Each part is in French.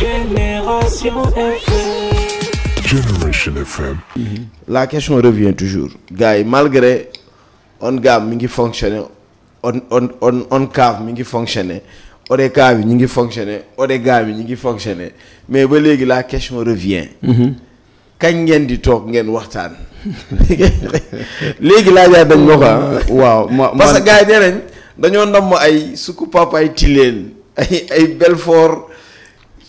Génération FM. Mhm. La question revient toujours. guy malgré on gamme qui fonctionne, on on on on mi qui fonctionner on mais la question revient. quand -hmm. Légui la dañ ah. parce que Belfort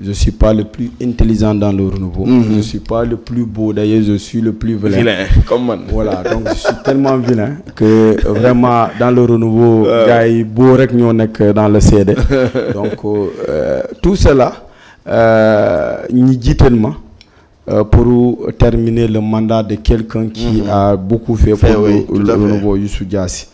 Je ne suis pas le plus intelligent dans le renouveau. Mhm. Je ne suis pas le plus beau. D'ailleurs, je suis le plus vilain. Vilain, comme Voilà, donc je suis tellement vilain que vraiment, dans le renouveau, il y a beau rek dans le CD. Donc, euh, tout cela, euh, tellement euh, pour terminer le mandat de quelqu'un qui mhm. a beaucoup fait, pour le, renouveau Youssou Diassi.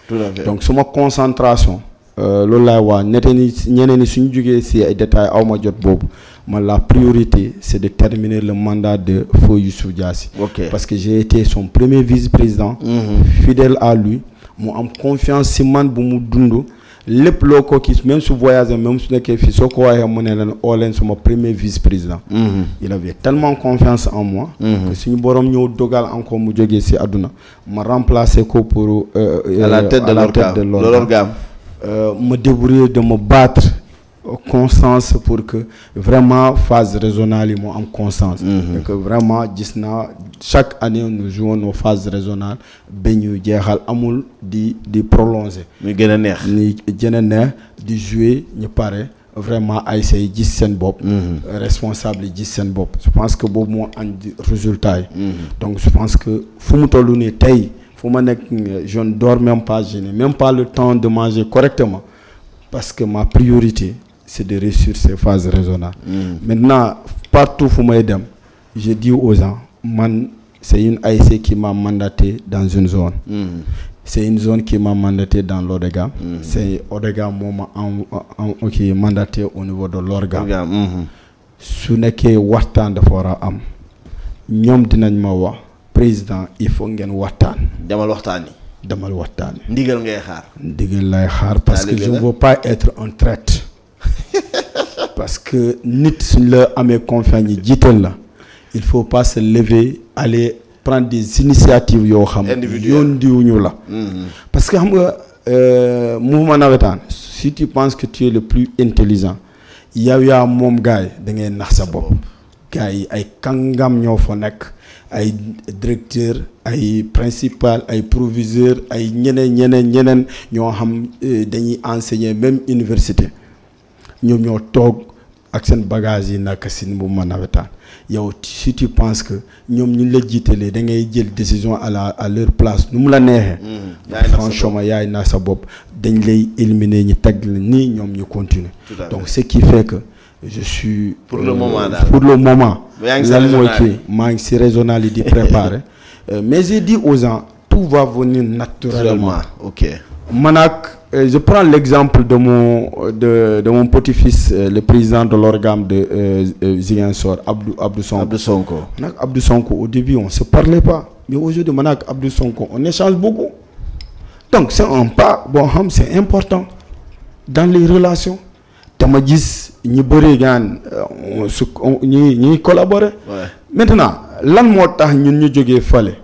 Donc, sur ma concentration, euh, lolu lay wa neteni ni suñu jógee ci ay détails awma jot Bob. Ma la priorité c'est de terminer le mandat de Feu Youssouf Diassi parce que j'ai été son premier vice-président mhm. fidèle à lui mu am confiance ci man bu mu dund lepp loko ki même su voyagé même su nekkee fi soo ko waxee mu ne leen premier vice président. Mhm. il avait tellement confiance en moi. Mhm. que suñu borom ñeu dogal encore mu joggé ci aduna ma remplacer ko pour. Euh, euh, à la tête de l'organe. Euh, me débrouiller de me battre conscience pour que vraiment phase régionale yi en conscience mhm. et que vraiment disna chaque année nous jouons nos phases régionales ba ñu amul di di prolonger ni gën neex ni di jouer ñu paré vraiment ay say gis seen mhm. responsable gis je pense que nous mo and résultat mhm. donc je pense que fu mu toll nii je ne dors même pas, je n'ai même pas le temps de manger correctement. Parce que ma priorité, c'est de réussir ces phases raisonnables. Mm. Maintenant, partout où je je dis aux gens, c'est une AIC qui m'a mandaté dans une zone. Mm. C'est une zone qui m'a mandaté dans l'Odega. Mm. C'est l'Odega qui m'a mandaté au niveau de l'Orga. Mm-hmm. su fora am président il faut ngeen waxtaan. demal waxtaan yi. demal waxtaan ndigal ngay xaar. ndigal lay xaar parce que je ne veux pas être en traite parce que nit suñ la mes confiance yi jiital la il faut pas se lever aller prendre des initiatives yo xam. yondi wuñu la. Mm-hmm. parce que xam nga euh, mouvement nawetaan si tu penses que tu es le plus intelligent yow ya mom gaay da ngay nax sa bop ay ay kàngam ñoo ay directeur ay principal ay proviseur ay ñeneen ñeneen ñeneen ñoo xam eh, dañuy enseigner même université ñom ñoo tok ak sen bagage yi naka sin bu ma yow si tu penses que ñom ñu la jittelé da ngay jël décision à la à leur place numu la nexé franchement mm, yaay na sa bop dañ lay éliminer ñi tag ni ñom ñu continuer donc ce qui fait que je suis. pour le moment euh, là. pour le moment. lan mooy préparer. Euh, mais j'ai dit aux gens tout va venir naturellement. ok Manac, euh, je prends l'exemple de mon de mon petit-fils le président de l'organe de Ziansor Abdou Abdou Sonko. au début on se parlait pas mais aujourd'hui manac Abdou Sonko on échange beaucoup donc c'est un pas bon c'est important dans les relations me dis ñu bëri gaan euh, on su ñi ñuy collaborer. maintenant lan moo tax ñun ñu jógee fale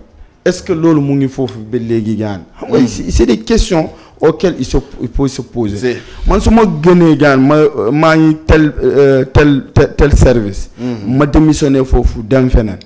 est-ce que loolu mu ngi foofu ba léegi gaan hmm. c'est des questions auxquelles il se il faut se poser. man su ma gënee gaan ma euh, ngi euh, tel tel tel service. Hmm. ma démissionné foofu dem feneen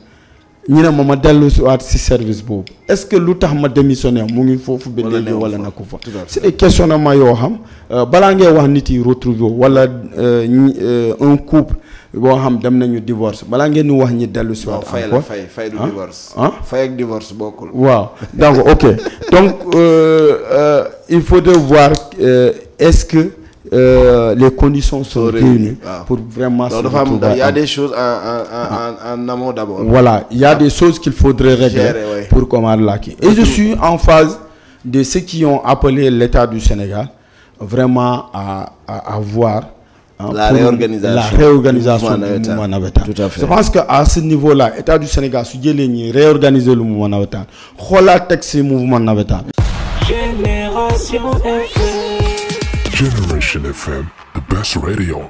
ñu ne ma ma dellu si waat service Bob. est-ce que lu tax ma démissionné mu ngi foofu ba léegi wala nekku fa c'est des questionnements yoo xam euh, bala ngay wax nit yi retrouver wala euh, euh, un couple bo xam dem nañu divorce bala ngeen di wax ñi dellu ci wat encore fay fay du ah? divorce ah? fay ak divorce bokul waaw donc ok donc euh, euh, il faut de voir euh, est-ce que euh, les conditions sont réunies ah. pour vraiment se Il y a des choses ah. en, amont d'abord. Voilà, il y a des choses qu'il faudrait régler pour qu'on pour là. Et je suis en phase de ceux qui ont appelé l'État du Sénégal vraiment à, à, voir hein, la, réorganisation. du, mouvement Navetan. Je pense qu'à ce niveau-là, l'État du Sénégal, si vous réorganiser le mouvement Navetan, c'est le mouvement Navetan. Génération Generation FM, the best radio.